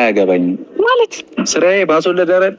አያገባኝም ማለት ስራዬ ባስወለደረን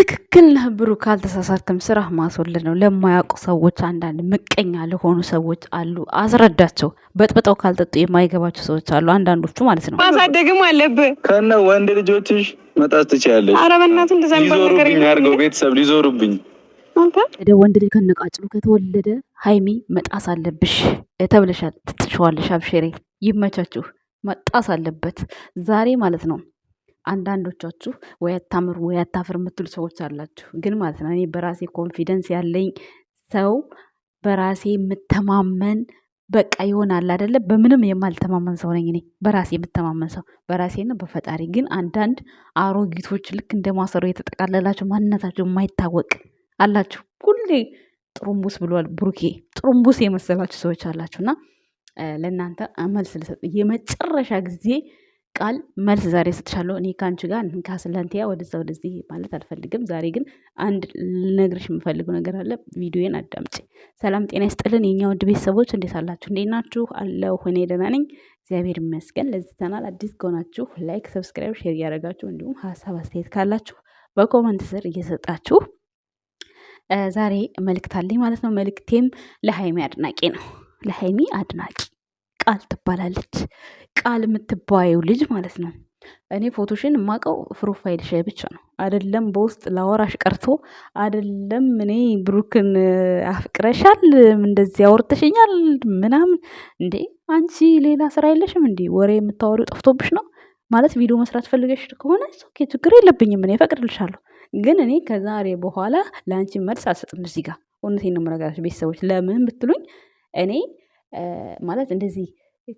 ትክክል ነህ ብሩክ፣ አልተሳሳትክም። ስራ ማስወለድ ነው። ለማያውቁ ሰዎች አንዳንድ ምቀኛ ለሆኑ ሰዎች አሉ፣ አስረዳቸው። በጥብጠው ካልጠጡ የማይገባቸው ሰዎች አሉ፣ አንዳንዶቹ ማለት ነው። ማሳደግም አለብህ ከነ ወንድ ልጆችሽ መጣት ትችላለች። ኧረ በእናትህ እንደዛ ነገር ቤተሰብ ሊዞሩብኝ ወደ ወንድ ልጅ ከነቃጭሉ ከተወለደ ሀይሚ መጣስ አለብሽ ተብለሻል። ትጥሸዋለሽ። አብሽሬ ይመቻችሁ። መጣስ አለበት ዛሬ ማለት ነው። አንዳንዶቻችሁ ወይ ወያታፍር ወይ አታፍር የምትሉ ሰዎች አላችሁ። ግን ማለት ነው እኔ በራሴ ኮንፊደንስ ያለኝ ሰው በራሴ የምተማመን በቃ ይሆናል አይደለ? በምንም የማልተማመን ሰው ነኝ እኔ በራሴ የምተማመን ሰው በራሴና በፈጣሪ። ግን አንዳንድ አሮጊቶች ልክ እንደ ማሰሮ የተጠቃለላቸው ማንነታቸው የማይታወቅ አላችሁ። ሁሌ ጥሩምቡስ ብሏል ብሩኬ። ጥሩምቡስ የመሰላችሁ ሰዎች አላችሁ እና ለእናንተ መልስ ልሰጥ የመጨረሻ ጊዜ ቃል መልስ ዛሬ ሰጥሻለሁ። እኔ ከአንቺ ጋር እንካ ወደዛ ወደዚህ ማለት አልፈልግም። ዛሬ ግን አንድ ልነግርሽ የምፈልገው ነገር አለ። ቪዲዮን አዳምጪ። ሰላም ጤና ይስጥልን የኛ ውድ ቤተሰቦች፣ እንዴት አላችሁ? እንዴት ናችሁ? አለሁ እኔ ደህና ነኝ፣ እግዚአብሔር ይመስገን። ለዚህ ቻናል አዲስ ከሆናችሁ ላይክ፣ ሰብስክራይብ፣ ሼር እያደረጋችሁ እንዲሁም ሀሳብ አስተያየት ካላችሁ በኮመንት ስር እየሰጣችሁ ዛሬ መልእክት አለኝ ማለት ነው። መልእክቴም ለሀይሚ አድናቂ ነው። ለሀይሚ አድናቂ ቃል ትባላለች። ቃል የምትባየው ልጅ ማለት ነው። እኔ ፎቶሽን የማውቀው ፕሮፋይል ሻይ ብቻ ነው። አደለም በውስጥ ላወራሽ ቀርቶ አደለም እኔ ብሩክን አፍቅረሻል እንደዚህ አወርተሽኛል ምናምን። እንዴ አንቺ ሌላ ስራ የለሽም? እንዲ ወሬ የምታወሪው ጠፍቶብሽ ነው ማለት ቪዲዮ መስራት ፈልገሽ ከሆነ ችግር የለብኝም እኔ እፈቅድልሻለሁ። ግን እኔ ከዛሬ በኋላ ለአንቺ መልስ አልሰጥም። እዚህ ጋር እውነቴን ነው የምነግራችሁ ቤተሰቦች። ለምን ብትሉኝ እኔ ማለት እንደዚህ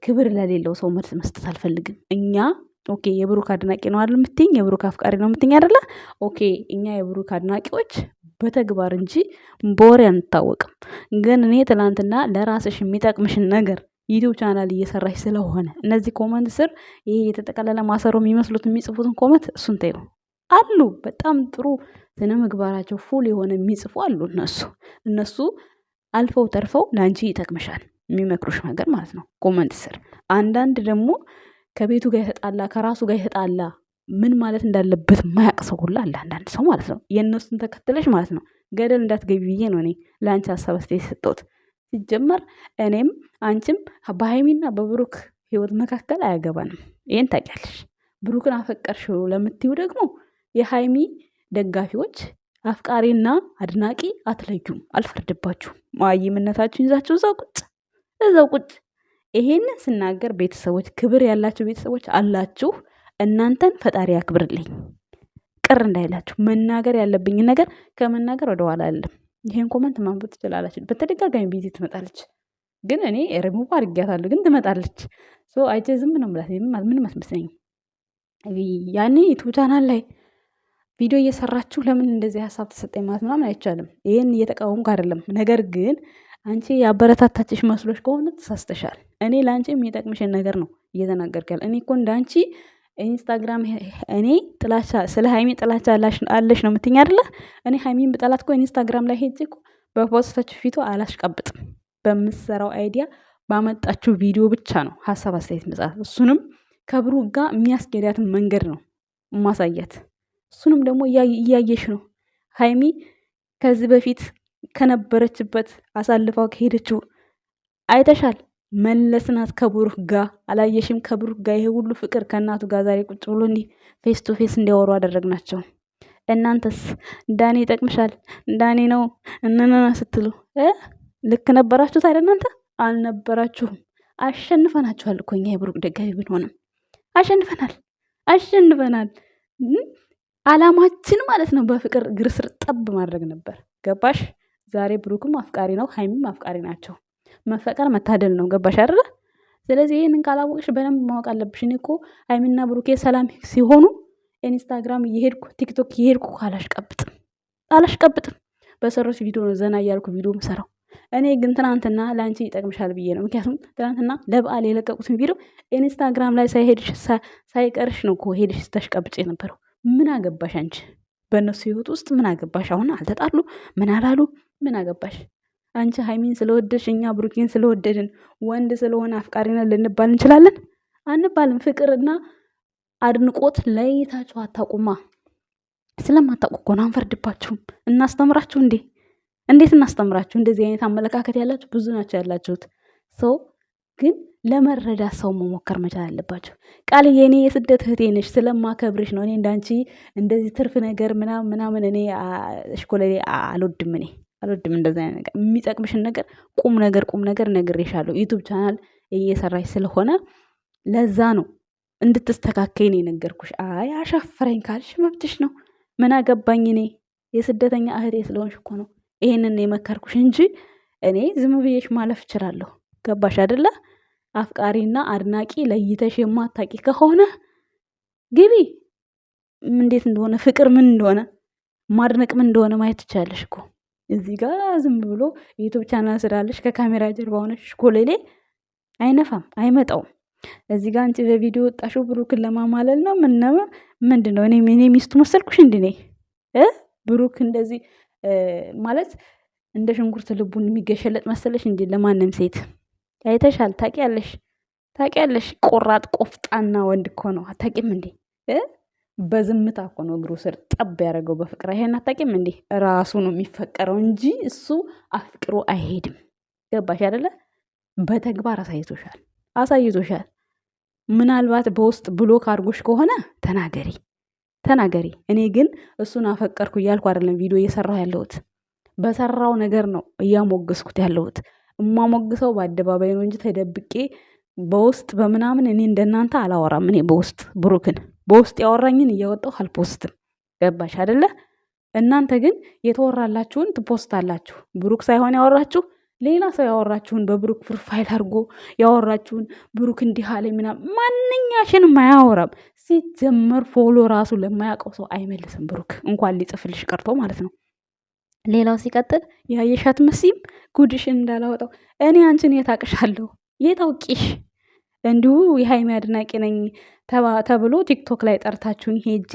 ክብር ለሌለው ሰው መልስ መስጠት አልፈልግም። እኛ ኦኬ የብሩክ አድናቂ ነው አይደል የምትይኝ? የብሩክ አፍቃሪ ነው የምትይኝ አይደለ? ኦኬ እኛ የብሩክ አድናቂዎች በተግባር እንጂ በወሬ አንታወቅም። ግን እኔ ትናንትና ለራስሽ የሚጠቅምሽን ነገር ዩቲዩብ ቻናል እየሰራሽ ስለሆነ እነዚህ ኮመንት ስር ይሄ የተጠቀለለ ማሰሮ የሚመስሉት የሚጽፉትን ኮመንት እሱን ተይው። አሉ። በጣም ጥሩ ስነ ምግባራቸው ፉል የሆነ የሚጽፉ አሉ። እነሱ እነሱ አልፈው ተርፈው ለአንቺ ይጠቅምሻል የሚመክሩሽ ነገር ማለት ነው። ኮመንት ስር አንዳንድ ደግሞ ከቤቱ ጋር የተጣላ ከራሱ ጋር የተጣላ ምን ማለት እንዳለበት ማያቅ ሰው ሁላ አለ። አንዳንድ ሰው ማለት ነው። የእነሱን ተከትለሽ ማለት ነው ገደል እንዳትገቢ ብዬ ነው እኔ ለአንቺ ሀሳብ አስተያየት የሰጠሁት። ሲጀመር እኔም አንቺም በሀይሚና በብሩክ ህይወት መካከል አያገባንም። ይህን ታውቂያለሽ። ብሩክን አፈቀርሽው ለምትዩ ደግሞ የሀይሚ ደጋፊዎች አፍቃሪና አድናቂ አትለዩም። አልፈርድባችሁም። መሀይምነታችሁን ይዛችሁ እዛው ቁጭ እዛው ቁጭ። ይሄንን ስናገር ቤተሰቦች፣ ክብር ያላችሁ ቤተሰቦች አላችሁ። እናንተን ፈጣሪ ያክብርልኝ። ቅር እንዳይላችሁ መናገር ያለብኝ ነገር ከመናገር ወደኋላ አለም። ይሄን ኮመንት ማንበብ ትችላላችሁ። በተደጋጋሚ ቢዚ ትመጣለች፣ ግን እኔ ሪሙቭ አድርጊያታለሁ፣ ግን ትመጣለች። አይቼ ዝም ነው ምላት። ምን አትመስለኝም። ያኔ ዩቱብ ቻናል ላይ ቪዲዮ እየሰራችሁ ለምን እንደዚህ ሀሳብ ተሰጠኝ ማለት ምናምን አይቻልም። ይህን እየተቃወምኩ አይደለም። ነገር ግን አንቺ የአበረታታችሽ መስሎች ከሆነ ተሳስተሻል። እኔ ለአንቺ የሚጠቅምሽን ነገር ነው እየተናገርካል። እኔ እኮ እንደ አንቺ ኢንስታግራም እኔ ጥላቻ ስለ ሀይሚ ጥላቻ አለሽ ነው የምትይኝ አይደለ? እኔ ሀይሚን ብጠላት እኮ ኢንስታግራም ላይ ሄጅ እኮ በፖስታችሁ ፊቱ አላሽቀብጥም። በምሰራው አይዲያ ባመጣችው ቪዲዮ ብቻ ነው ሀሳብ አስተያየት መጻፍ። እሱንም ከብሩ ጋር የሚያስጌዳትን መንገድ ነው ማሳየት። እሱንም ደግሞ እያየሽ ነው ሀይሚ ከዚህ በፊት ከነበረችበት አሳልፋው ከሄደችው አይተሻል። መለስናት ከብሩህ ጋ አላየሽም? ከብሩህ ጋ ይሄ ሁሉ ፍቅር ከእናቱ ጋር ዛሬ ቁጭ ብሎ እንዲህ ፌስ ቱ ፌስ እንዲያወሩ አደረግናቸው። እናንተስ እንዳኔ ይጠቅምሻል እንዳኔ ነው እንነና ስትሉ ልክ ነበራችሁ ታዲያ? እናንተ አልነበራችሁም። አሸንፈናችኋል እኮ እኛ የብሩክ ደጋፊ ብንሆንም አሸንፈናል፣ አሸንፈናል። አላማችን ማለት ነው በፍቅር እግር ስር ጠብ ማድረግ ነበር። ገባሽ? ዛሬ ብሩክም አፍቃሪ ነው፣ ሀይሚም አፍቃሪ ናቸው። መፈቀር መታደል ነው። ገባሽ አይደለ? ስለዚህ ይህንን ካላወቅሽ በደንብ ማወቅ አለብሽ። እኔ እኮ ሀይሚና ብሩኬ ሰላም ሲሆኑ ኢንስታግራም እየሄድኩ ቲክቶክ እየሄድኩ አላሽቀብጥም አላሽቀብጥም። በሰሮች ቪዲዮ ነው ዘና እያልኩ ቪዲዮ ምሰራው። እኔ ግን ትናንትና ለአንቺ ይጠቅምሻል ብዬ ነው። ምክንያቱም ትናንትና ለበዓል የለቀቁትን ቪዲዮ ኢንስታግራም ላይ ሳይሄድሽ ሳይቀርሽ ነው ሄድሽ ስታሽቀብጭ የነበረው። ምን አገባሽ አንቺ? በእነሱ ህይወት ውስጥ ምን አገባሽ? አሁን አልተጣሉ ምን አላሉ ምን አገባሽ? አንቺ ሀይሚን ስለወደሽ እኛ ብሩኪን ስለወደድን ወንድ ስለሆነ አፍቃሪ ልንባል እንችላለን? አንባልም። ፍቅርና አድንቆት ለይታችሁ አታቁማ ስለማታውቁ እኮ ነው። አንፈርድባችሁም። እናስተምራችሁ እንዴ? እንዴት እናስተምራችሁ? እንደዚህ አይነት አመለካከት ያላችሁ ብዙ ናቸው ያላችሁት ሰው ግን ለመረዳት ሰው መሞከር መቻል አለባቸው። ቃልዬ እኔ የስደት እህቴ ነሽ፣ ስለማከብርሽ ነው። እኔ እንዳንቺ እንደዚህ ትርፍ ነገር ምናምን ምናምን እኔ እሽኮለሌ አልወድም፣ እኔ አልወድም እንደዚ አይነት ነገር። የሚጠቅምሽን ነገር ቁም ነገር ቁም ነገር ነግሬሻለሁ። ዩቱብ ቻናል እየሰራሽ ስለሆነ ለዛ ነው እንድትስተካከይ ነው የነገርኩሽ። አይ አሻፈረኝ ካልሽ መብትሽ ነው። ምን አገባኝ እኔ የስደተኛ እህቴ ስለሆንሽ እኮ ነው ይህንን የመከርኩሽ እንጂ እኔ ዝም ብዬሽ ማለፍ እችላለሁ። ገባሽ አይደለ? አፍቃሪና አድናቂ ለይተሽ የማታቂ ከሆነ ግቢ። እንዴት እንደሆነ ፍቅር ምን እንደሆነ ማድነቅ ምን እንደሆነ ማየት ትቻለሽ እኮ እዚህ ጋር ዝም ብሎ ዩቱብ ቻናል ስላለሽ ከካሜራ ጀርባ ሆነሽ ኮሌሌ አይነፋም አይመጣውም። እዚህ ጋር አንቺ በቪዲዮ ወጣሽው ብሩክን ለማማለል ነው። ምነው ምንድን ነው? እኔ ሚስቱ መሰልኩሽ? እንድኔ ብሩክ እንደዚህ ማለት እንደ ሽንኩርት ልቡን የሚገሸለጥ መሰለሽ? እንዲ ለማንም ሴት አይተሻል። ታውቂያለሽ ታውቂያለሽ። ቆራጥ ቆፍጣና ወንድ እኮ ነው። አታውቂም እንዴ? በዝምታ እኮ ነው እግሩ ስር ጠብ ያደረገው በፍቅር። ይሄን አታውቂም እንዴ? ራሱ ነው የሚፈቀረው እንጂ እሱ አፍቅሮ አይሄድም። ገባሽ አይደለ? በተግባር አሳይቶሻል አሳይቶሻል። ምናልባት በውስጥ ብሎክ አድርጎሽ ከሆነ ተናገሪ ተናገሪ። እኔ ግን እሱን አፈቀርኩ እያልኩ አይደለም ቪዲዮ እየሰራሁ ያለሁት፣ በሰራው ነገር ነው እያሞገስኩት ያለሁት። እማሞግሰው በአደባባይ ነው እንጂ ተደብቄ በውስጥ በምናምን እኔ እንደናንተ አላወራም። እኔ በውስጥ ብሩክን በውስጥ ያወራኝን እያወጣው አልፖስትም። ገባሽ አደለ? እናንተ ግን የተወራላችሁን ትፖስታላችሁ። ብሩክ ሳይሆን ያወራችሁ ሌላ ሰው ያወራችሁን በብሩክ ፕሮፋይል አድርጎ ያወራችሁን ብሩክ እንዲህ አለ ምናምን ማንኛሽንም አያወራም። ሲጀመር ፎሎ ራሱ ለማያውቀው ሰው አይመልስም። ብሩክ እንኳን ሊጽፍልሽ ቀርቶ ማለት ነው። ሌላው ሲቀጥል ያየሻት መሲም ጉድሽን እንዳላወጣው እኔ አንቺን የታቅሻለሁ የታውቂሽ እንዲሁ የሀይሚ አድናቂ ነኝ ተብሎ ቲክቶክ ላይ ጠርታችሁን ሄጄ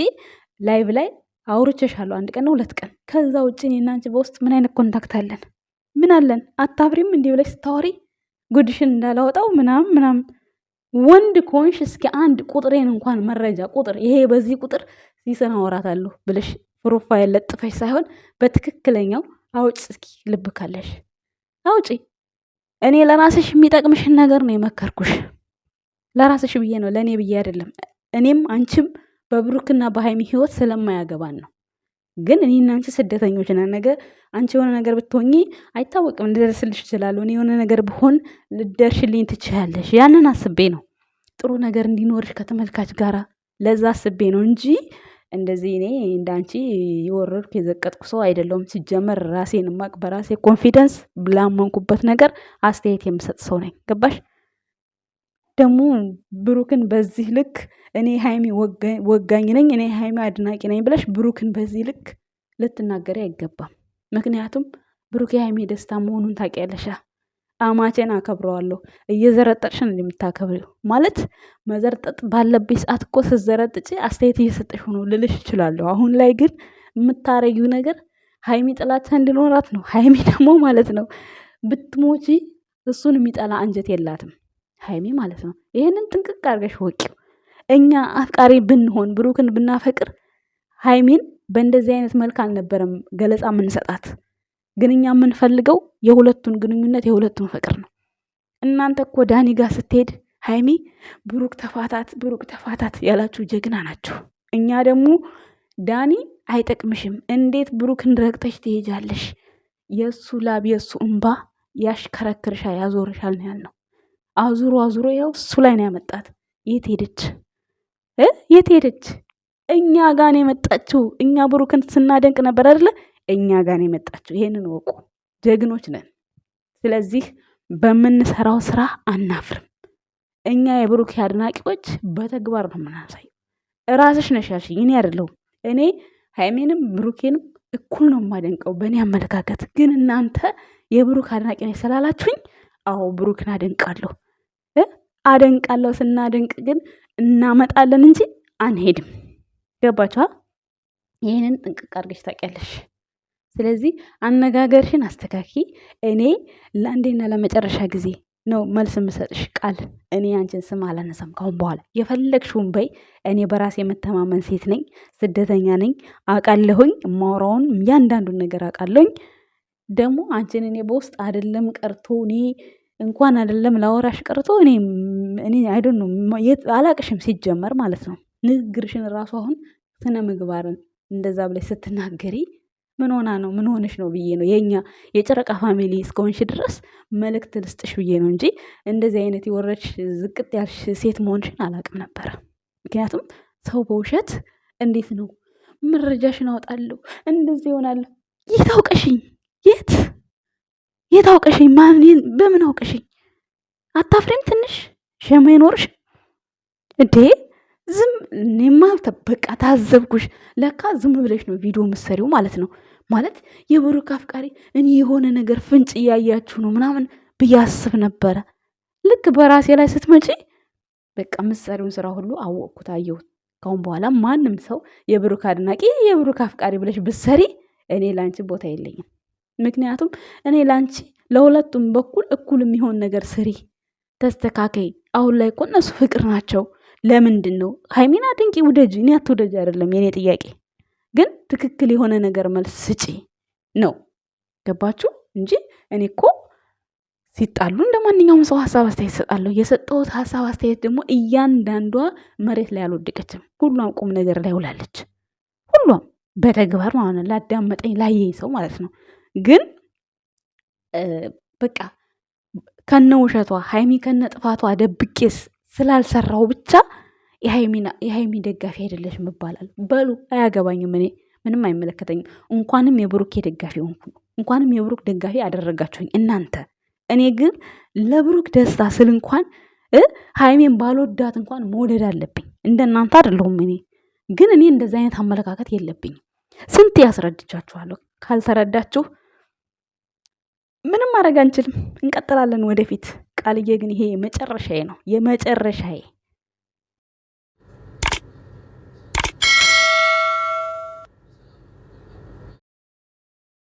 ላይቭ ላይ አውርቼሻለሁ አንድ ቀን ሁለት ቀን። ከዛ ውጭ እኔና አንቺ በውስጥ ምን አይነት ኮንታክት አለን? ምን አለን? አታፍሪም እንዲህ ብለሽ ስታወሪ ጉድሽን እንዳላወጣው ምናም ምናም። ወንድ ከሆንሽ እስኪ አንድ ቁጥሬን እንኳን መረጃ ቁጥር ይሄ በዚህ ቁጥር ሲስን አወራታለሁ ብለሽ ፕሮፋይል ለጥፈሽ ሳይሆን በትክክለኛው አውጭ እስኪ ልብ ካለሽ አውጪ። እኔ ለራስሽ የሚጠቅምሽን ነገር ነው የመከርኩሽ። ለራስሽ ብዬ ነው ለእኔ ብዬ አይደለም። እኔም አንቺም በብሩክና በሀይሚ ህይወት ስለማያገባን ነው። ግን እኔና አንቺ ስደተኞች ነን። ነገ አንቺ የሆነ ነገር ብትሆኚ አይታወቅም፣ ልደርስልሽ እችላለሁ። እኔ የሆነ ነገር ብሆን ልደርሽልኝ ትችያለሽ። ያንን አስቤ ነው ጥሩ ነገር እንዲኖርሽ ከተመልካች ጋራ ለዛ አስቤ ነው እንጂ እንደዚህ እኔ እንዳንቺ የወረድኩ የዘቀጥኩ ሰው አይደለውም ሲጀመር ራሴን ማቅ በራሴ ኮንፊደንስ ብላመንኩበት ነገር አስተያየት የምሰጥ ሰው ነኝ። ገባሽ? ደግሞ ብሩክን በዚህ ልክ እኔ ሀይሚ ወጋኝ ነኝ፣ እኔ ሀይሚ አድናቂ ነኝ ብለሽ ብሩክን በዚህ ልክ ልትናገሪ አይገባም። ምክንያቱም ብሩክ የሀይሚ ደስታ መሆኑን ታውቂያለሽ። አማቼን አከብረዋለሁ። እየዘረጠጥሽ ነው ማለት መዘርጠጥ ባለብኝ ሰዓት እኮ ስዘረጥጭ አስተያየት እየሰጠሽ ነው ልልሽ እችላለሁ። አሁን ላይ ግን የምታረጊው ነገር ሀይሚ ጥላቻ እንዲኖራት ነው። ሀይሚ ደግሞ ማለት ነው ብትሞቺ እሱን የሚጠላ አንጀት የላትም ሀይሚ ማለት ነው። ይህንን ጥንቅቅ አድርገሽ ወቂ። እኛ አፍቃሪ ብንሆን ብሩክን ብናፈቅር ሀይሚን በእንደዚህ አይነት መልክ አልነበረም ገለጻ የምንሰጣት። ግን እኛ የምንፈልገው የሁለቱን ግንኙነት የሁለቱን ፍቅር ነው። እናንተ እኮ ዳኒ ጋር ስትሄድ ሀይሚ ብሩክ ተፋታት፣ ብሩክ ተፋታት ያላችሁ ጀግና ናችሁ። እኛ ደግሞ ዳኒ አይጠቅምሽም፣ እንዴት ብሩክን ረግጠሽ ትሄጃለሽ? የእሱ ላብ የእሱ እምባ ያሽከረክርሻ ያዞርሻል ነው ያልነው። አዙሮ አዙሮ ያው እሱ ላይ ነው ያመጣት። የት ሄደች? የት ሄደች? እኛ ጋን የመጣችው። እኛ ብሩክን ስናደንቅ ነበር አይደለ? እኛ ጋር ነው የመጣችው። ይሄንን ወቁ። ጀግኖች ነን። ስለዚህ በምንሰራው ስራ አናፍርም። እኛ የብሩኬ አድናቂዎች በተግባር ነው የምናሳየው። እራስሽ ነሽ ያልሽኝ እኔ አይደለሁም። እኔ ሀይሜንም ብሩኬንም እኩል ነው የማደንቀው በእኔ አመለካከት። ግን እናንተ የብሩክ አድናቂ ነሽ ስላላችሁኝ፣ አዎ ብሩክን አደንቃለሁ አደንቃለሁ። ስናደንቅ ግን እናመጣለን እንጂ አንሄድም። ገባችኋ? ይህንን ጥንቅቅ አድርገሽ ታውቂያለሽ። ስለዚህ አነጋገርሽን አስተካኪ። እኔ ለአንዴና ለመጨረሻ ጊዜ ነው መልስ የምሰጥሽ ቃል። እኔ አንቺን ስም አላነሳም ካሁን በኋላ የፈለግሽውን በይ። እኔ በራሴ የመተማመን ሴት ነኝ፣ ስደተኛ ነኝ፣ አውቃለሁኝ። ማውራውን እያንዳንዱን ነገር አውቃለሁኝ። ደግሞ አንቺን እኔ በውስጥ አይደለም ቀርቶ እኔ እንኳን አይደለም ላወራሽ ቀርቶ እኔ እኔ አላቅሽም ሲጀመር ማለት ነው። ንግግርሽን ራሱ አሁን ስነ ምግባርን እንደዛ ብለሽ ስትናገሪ ምን ሆና ነው ምን ሆነሽ ነው ብዬ ነው የኛ የጨረቃ ፋሚሊ እስከሆንሽ ድረስ መልእክት ልስጥሽ ብዬ ነው እንጂ እንደዚህ አይነት የወረድሽ ዝቅጥ ያልሽ ሴት መሆንሽን አላውቅም ነበረ። ምክንያቱም ሰው በውሸት እንዴት ነው መረጃሽን አወጣለሁ እንደዚህ ይሆናለሁ። የት አውቀሽኝ? የት የት አውቀሽኝ? ማን በምን አውቀሽኝ? አታፍሬም? ትንሽ ሸማ ይኖርሽ እንዴ? ዝም እኔማ በቃ ታዘብኩሽ። ለካ ዝም ብለሽ ነው ቪዲዮ ምሰሪው ማለት ነው። ማለት የብሩክ አፍቃሪ እኔ የሆነ ነገር ፍንጭ እያያችሁ ነው ምናምን ብያስብ ነበረ። ልክ በራሴ ላይ ስትመጪ በቃ ምሰሪውን ስራ ሁሉ አወቅኩት፣ አየሁት። ካሁን በኋላ ማንም ሰው የብሩክ አድናቂ፣ የብሩክ አፍቃሪ ብለሽ ብሰሪ እኔ ላንቺ ቦታ የለኝም። ምክንያቱም እኔ ላንቺ ለሁለቱም በኩል እኩል የሚሆን ነገር ስሪ፣ ተስተካከይ። አሁን ላይ እኮ እነሱ ፍቅር ናቸው ለምንድን ነው ሀይሚን አድንቂ ውደጅ፣ እኔ አትውደጅ አይደለም የኔ ጥያቄ። ግን ትክክል የሆነ ነገር መልስ ስጪ ነው። ገባችሁ እንጂ እኔ እኮ ሲጣሉ እንደ ማንኛውም ሰው ሀሳብ አስተያየት ይሰጣለሁ የሰጠሁት ሀሳብ አስተያየት ደግሞ እያንዳንዷ መሬት ላይ አልወደቀችም። ሁሏም ቁም ነገር ላይ ውላለች። ሁሏም በተግባር ማለት ነው፣ ላዳመጠኝ ላየኝ ሰው ማለት ነው። ግን በቃ ከነ ውሸቷ ሀይሚ ከነ ጥፋቷ ደብቄስ ስላልሰራው ብቻ የሀይሚ ደጋፊ አይደለሽም ይባላል። በሉ አያገባኝም፣ እኔ ምንም አይመለከተኝም። እንኳንም የብሩክ ደጋፊ ሆንኩ፣ እንኳንም የብሩክ ደጋፊ አደረጋችሁኝ እናንተ። እኔ ግን ለብሩክ ደስታ ስል እንኳን ሀይሜን ባልወዳት እንኳን መውደድ አለብኝ። እንደእናንተ አይደለሁም እኔ ግን እኔ እንደዚህ አይነት አመለካከት የለብኝም። ስንት ያስረድቻችኋለሁ። ካልተረዳችሁ ምንም ማድረግ አንችልም። እንቀጥላለን ወደፊት ቃልዬ ግን ይሄ የመጨረሻዬ ነው የመጨረሻዬ